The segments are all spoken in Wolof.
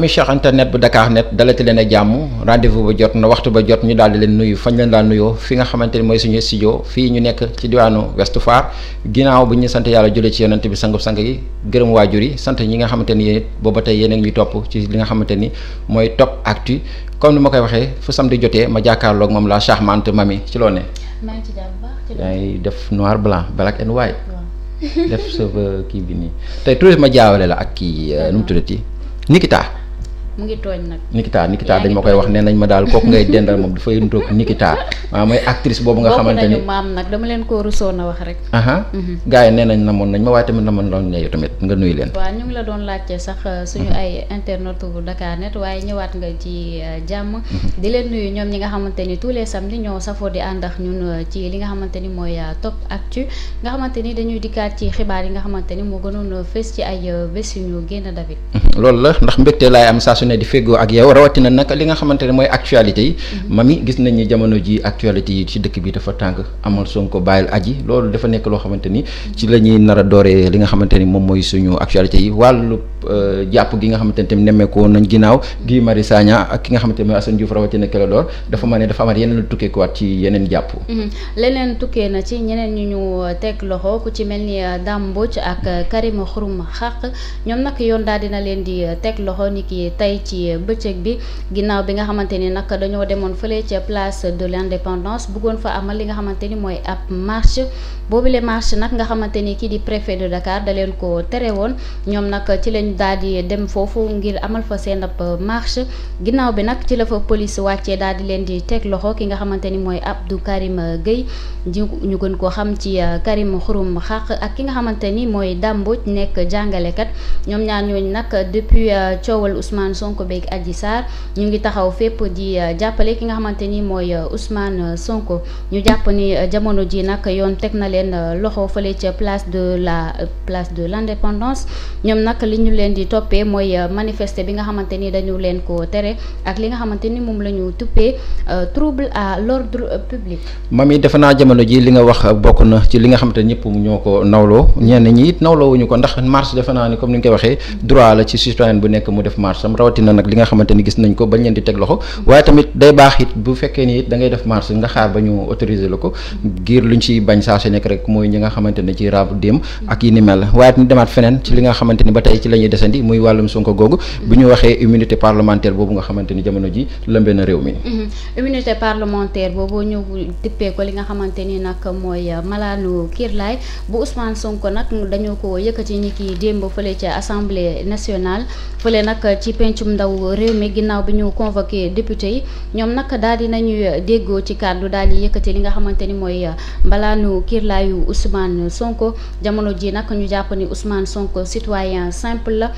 famille Cheikh Anta net bu Dakar net dalati leen a jàmm rendez-vous ba jot na waxtu ba jot ñu daal di leen nuyu fañ leen daal nuyoo fi nga xamante ni mooy suñu studio fii ñu nekk ci diwaanu Ouest ginnaaw bi ñu sant yàlla jëlee ci yonent bi sangu-sang yi gërëm waajur yi sant ñi nga xamante ni yéen booba tey yéen a ngi ñuy topp ci li nga xamante ni mooy Top Actu comme ni ma koy waxee fu samedi jotee ma jàkkaarloog moom la charmante mami ci loo ne. maa ngi ci jàmm baax ci loo ne yaa ngi bi nii tey toujours ma jaawale la ak kii nu mu tuddati mu ngi tooñ nag Nikita Nikita dañ ma koy wax ne nañ ma daal kooku ngay dendal moom dafay ndoog Nikita mooy actrice boobu nga xamante mhm. ne yow tamit nga nuyu leen waaw ñu euh, mhm. nga ci euh, jàmm mhm. di leen nuyu ñoom ñi nga xamante ni tous les samedi ñoo safoo di ànd ak ñun euh, li nga xamante ni mooy top actu nga xamante ni dañuy dikkaat ci xibaar yi nga xamante ni moo gënoon fës ci ay bés yu ñu génn David loolu la ndax mbégte laay am saa su ne di féggoo ak yow rawatina nag li nga xamante ne mooy actualité yi mm-hmm. mami gis nañ ni jamono ji actualité yi ci dëkk bi dafa tàng amal Sonko bàyyil aji loolu dafa nekk loo xamante mm-hmm. la ñuy nar a dooree li nga xamante ni moom mooy suñu actualité yi wàllu euh, jàpp gi nga xamante ne nemmeekoo nañ ginnaaw Guy Marius Sagna ak ki nga xamante mooy Assane Diouf rawatina Clédor dafa ma dafa amaat yeneen lu tukkee kuwaat ci yeneen jàpp mm-hmm. leneen tukkee na ci ñeneen ñu ñu euh, teg loxo ku ci mel ni euh, Dame tey ci bëccëg bi ginnaaw bi nga xamante ni nag dañoo demoon fële ca place de l'indépendance bëggoon fa amal li nga xamante ni mooy ab marche boobule marche nag nga xamante ni kii di préfet de Dakar da leen ko tere woon ñoom nag ci lañ daal di dem foofu ngir amal fa seen ab marche ginnaaw bi nag ci la fa police wàccee daal di leen di teg loxo ki nga xamante ni mooy Abdou Karim Gueye ñu gën koo xam ci euh, Karim Xurum Xaq ak ki nga xamante mooy Dame nekk jàngalekat ñoom ñaar ñooñu nag depuis euh, coowal Ousmane Sonko beeg Adji Sarr ñu ngi taxaw fépp ji euh, jàppale ki nga xamante ni mooy euh, Ousmane euh, Sonko ñu jàpp ni jamono ji nag yoon teg na leen loxo fële ca place de la place de l'indépendance ñoom nag li ñu leen di toppee mooy manifester bi nga xamante ni dañu leen ko tere ak li nga xamante ni moom la ñu tuppee trouble à l'ordre public. mami defe naa jamono ji li nga wax bokk na ci li nga xamante ñëpp ñoo ko nawloo ñenn ñi it nawloo wuñu ko ndax marche defe naa ni waxee droit nekk mu def rawatina nag li nga xamante ni gis nañ ko bañ leen di teg loxo waaye tamit day baax it bu fekkee ni it da ngay def marche nga xaar ba ñu autoriser la ko ngir luñ ciy bañ saa su rek mooy ñi nga xamante ci raabu déem ak yi ni mel waaye ñu demaat feneen ci li nga xamante ba tey ci la desandi muy wàllum Sonko googu bu ñu waxee immunité parlementaire boobu nga xamante ni mm-hmm. mooy euh, malaanu kiirlaay bu Ousmane Sonko nag dañoo ko yëkkati ñi ki démb fële ci pencum ndaw réew mi ginnaaw bi ñu convoqué député yi ñoom nag daal di nañu déggoo ci kàddu daal di yëkkate li nga xamante ni mooy mbalaanu kiirlaayu Ousmane Sonko jamono ji nag ñu jàpp ni Ousmane Sonko citoyen simple la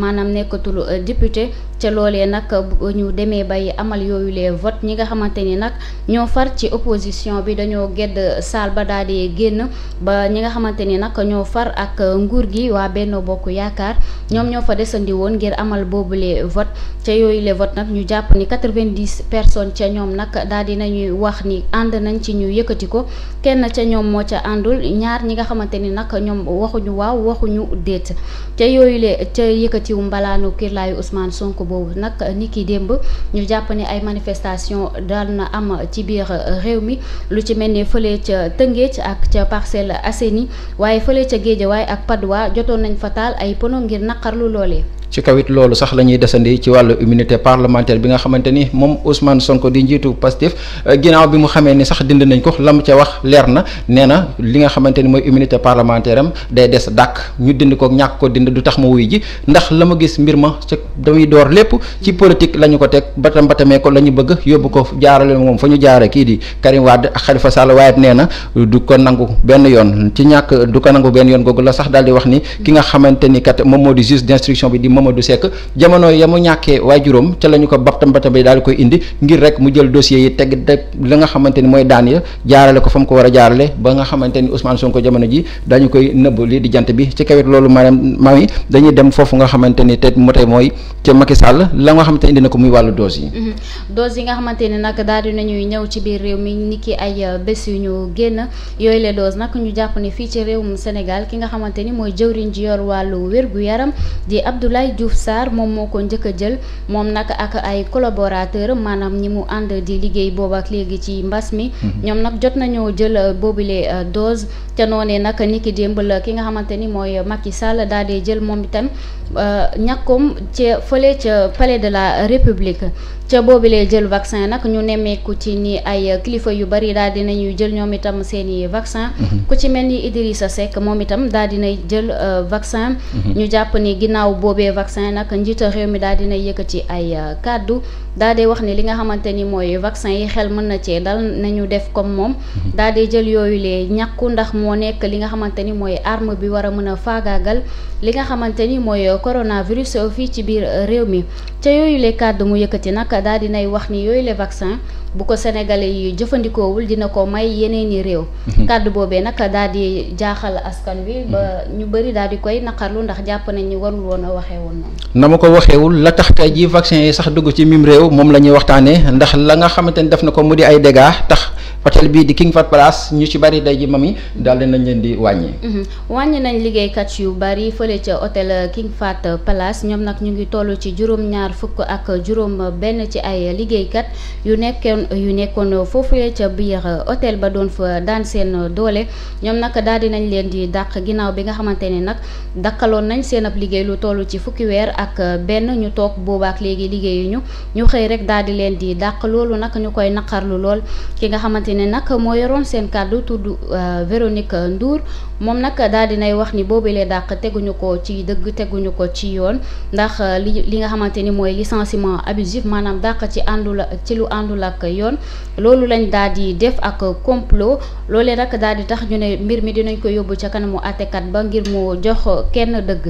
maanaam nekkatul député ca loole nag bu ñu demee bay amal yooyu les votes ñi nga xamante ni nag ñoo far ci opposition bi dañoo gedd saal ba daal di génn ba ñi nga xamante ni nag ñoo far ak nguur gi waa Benno Bokk Yaakaar ñoom ñoo fa desandi woon ngir amal boobu les votes ca yooyu les votes nag ñu jàpp ni quatre-vingt-dix ca ñoom nag daal di nañuy wax ni ànd nañ ci ñu yëkkati ko kenn ca ñoom moo ca àndul ñaar ñi nga xamante ni nag ñoom waxuñu waaw waxuñu déet ca yooyu le ca yëkkatiwu mbalaanu kiirlaayu Ousmane Sonko boobu nag ni ki démb ñu jàpp ni ay manifestation daal na am ci biir réew mi lu ci mel ne fële ca Tëngéej ak ca Parcelles Assainies waaye fële ca Guédiawaye ak Patte d'Oie jotoon nañ fa taal ay pono ngir naqarlu loolee ci kawit loolu sax la ñuy desandi ci wàllu immunité parlementaire bi nga xamante ni moom Ousmane Sonko di njiitu Pastef euh, ginnaaw bi mu xamee ni sax dind nañ ko lam ca wax leer na nee na li nga xamante ni mooy immunité parlementaire am day des dàkk ñu dind ko ñàkk ko dind du tax ma wuy ji ndax la ma gis mbir ma ca damuy door lépp ci politique la ko teg batam batamee ko la ñu bëgg yóbbu ko jaarale moom fa ñu jaare kii di Karim Wade ak Khalifa Sall waaye nee na ko nangu benn benn yoon googu la sax daal di wax ni ki nga xamante ni kat moom moo di juge d'instruction bi di Mamadou Seck jamono ya mu ñàkkee waajuram ca la ñu ko baptam baptam bi daal di koy indi ngir rek mu jël dossier yi teg la nga xamante ni mooy daan ya jaarale ko fa mu ko war a jaarale ba nga xamante ni Ousmane Sonko jamono ji dañu koy nëbb lii di jant bi ci kawit loolu maanaam mami dañuy dem foofu nga xamante te mooy ca Macky la nga xamante ni indi na ko muy wàllu dose yi mm-hmm. dose yi nga xamante ni nag daal di nañuy ñëw ci biir réew mi ni ay euh, bés yu ñu génn yooyu la dose nag ñu jàpp ni fii ci réewum Sénégal ki nga xamante ni mooy jëwriñ ji Diouf Sarr moom moo ko njëkk jël moom nag ak ay collaborateur maanaam ñi mu ànd di liggéey boobu ak léegi ci mbas mi mhm. ñoom nag jot nañoo jël euh, boobule euh, dose ca noone nag ni ki démb la ki nga xamante ni mooy euh, Macky Sall daal di jël moom itam ñakkoom ca fële ca palais de la République ca boobilee jël vaccin nak ñu nemmeeku ci ni ay kilifa yu bari daal dinañu jël ñoom itam seeni vaccin mhm. ku ci mel ni Idrissa Seck moom itam daal dinay jël vaccin mhm. ñu jàpp ni ginnaaw vaccin nag njiital réew mi daal dina yëkkati ay euh, kàddu daal di wax ni li nga xamante ni mooy vaccin yi xel mën na cee dal nañu def comme moom mhm. daal di jël yooyu lee ñàkku ndax moo nekk li nga xamante ni mooy arme bi war a mën a faagaagal li nga xamante ni mooy euh, coronavirus fii ci biir euh, réew mi ca yooyu les kàddu mu yëkkati nag daal dinay wax ni yooyu les vaccin bu ko sénégalais yi jëfandikoowul dina ko may yeneen i réew mhm. kàddu boobee nag daal di jaaxal askan wi ba mhm. ñu bëri daal di koy naqarlu ndax jàpp nañ ni warul woon a waxee woon noonu na ma ko waxeewul la tax kay ji vaccin yi sax dugg ci miim réew moom la ñuy waxtaanee ndax la nga xamante ne def na ko mu di ay dégâts tax hôtel bii di King Fahd Palace ñu ci bari ji ma mi daal di nañ leen di wàññi. Mhm. wàññi yu bari fële ca hôtel euh, King Fahd Palace ñoom nag ñu ngi toll ci juróom-ñaar fukk ak juróom benn ci ay liggéeykat yu nekkoon yu nekkoon foofu ca biir hôtel ba doon fa daan seen doole ñoom nag daal di nañ leen di dàq ginnaaw bi nga xamante ne nag dakkaloon nañ seen ab liggéey lu toll ci fukki weer ak benn ñu toog boobaak léegi liggéeyuñu ñu xëy rek daal di leen di dàq loolu nag ñu koy naqarlu lool ki nga xamante ne nag moo yoroon seen kàddu tudd euh, Véronique nduur moom nag daal nay wax ni boobu lee dàq teguñu ko ci dëgg teguñu ko ci yoon ndax euh, li li nga xamante ni mooy licenciement abusif maanaam dàq ci àndul ak ci lu àndul ak yoon loolu lañ daal di def ak complot loolee nag daal di tax ñu ne mbir mi dinañ ko yóbbu ca kanamu àttekat ba ngir mu jox kenn dëgg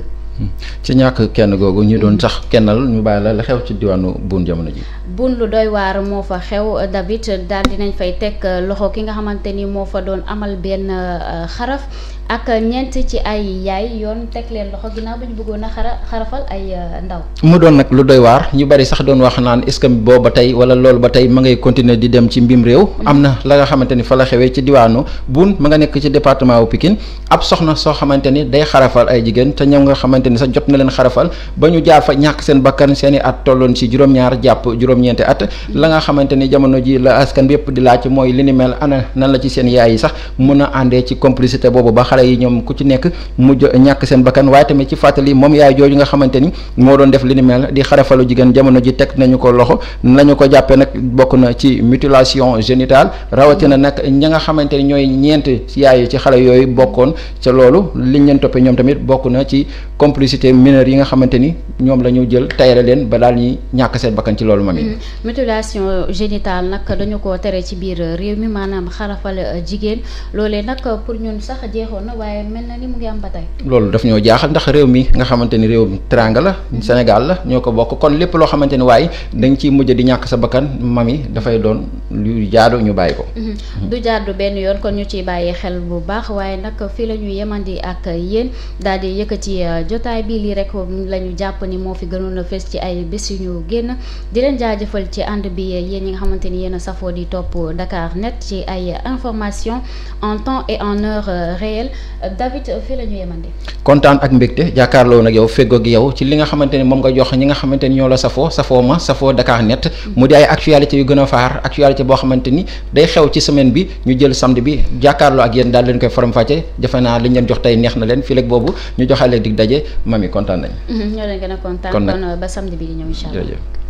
ci ñàkk kenn googu ñu doon sax kennal ñu bàyyi la xew ci diwaanu buun jamono ji. buun lu doy waar moo fa xew David daal dinañ fay teg loxo ki nga xamante ni moo fa doon amal benn euh, xaraf. ak ñeent ci ay yaay yoon teg leen loxo ginnaaw bi ñu bëggoon a xara xarafal ay euh, ndaw. mu doon nag lu doy waar ñu bari sax doon wax naan est-ce que booba tey wala loolu ba tey ma ngay di dem ci mbim réew. Mm-hmm. am na la nga xamante ni fa la xewee ci diwaanu Boune ma nga nekk ci département wu Pikine ab soxna soo xamante ni day xarafal ay jigéen te ñoom nga xamante ni sax jot na leen xarafal ba ñu jaar fa ñàkk seen bakkan seen at tolloon ci juróom-ñaar jàpp juróom-ñeenti at mm-hmm. la nga xamante ni jamono ji la askan bi yëpp di laaj mooy li ni mel ana nan la ci seen yaay yi sax mën a àndee ci complicité boobu ba xale yi ñoom ku ci nekk mujj ñàkk seen bakkan waaye tamit ci fàttali moom yaay jooju nga xamante moo doon def li mel di xarafalu jigéen jamono ji teg nañu ko loxo nañu ko jàppee nag bokk na ci mutilation génitale rawatina nag ña nga xamante ni ñooy ñeent yaay ci xale yooyu bokkoon na ci complicité mineur yi nga xamante ni ñoom la ñu jël tayale leen ba daal ñi ñàkk seen bakkan ci loolu mami mm-hmm. mutilation génitale nag dañu ko tere ci biir réew mi maanaam xarafal jigéen loolee nag pour ñun sax jeexoon woon na waaye mel na ni mu ngi am ba tey. loolu daf ñoo jaaxal ndax réew mi nga xamante ni réew mi teranga la Sénégal la ñoo ko bokk kon lépp loo xamante ni waaye dañu ciy mujj di ñàkk sa bakkan mami dafay doon lu jaadu ñu bàyyi ko. Mhm. du jaadu benn yoon kon ñu ciy bàyyi xel bu baax waaye nag fii la ñuy yemandi ak yéen daal di yëkkati euh, jotaay bii lii rek la ñu jàpp ni moo fi gënoon a fës ci ay bés yu ñu génn di leen jaajëfal ci ànd bi euh, yéen ñi nga xamante ni yéen a safoo di topp Dakar net ci ay information en temps et en heure euh, David fii la ñu yemandi. kontaan ak mbégte jàkkaarloo nag yow feggoog yow ci li nga xamante ne moom nga jox ñi nga xamante ni ñoo la safoo safoo ma safoo Dakar net mm. mu di ay actualité yu gën a faar actualité boo xamante ni day xew ci semaine bi ñu jël samedi bi jàkkaarloo ak yéen daal leen koy faram-fàcce defe naa li ñu leen jox tey neex na leen fii rek boobu ñu joxaale dig daje mami kontaan nañ. Mm-hmm, ñoo leen gën a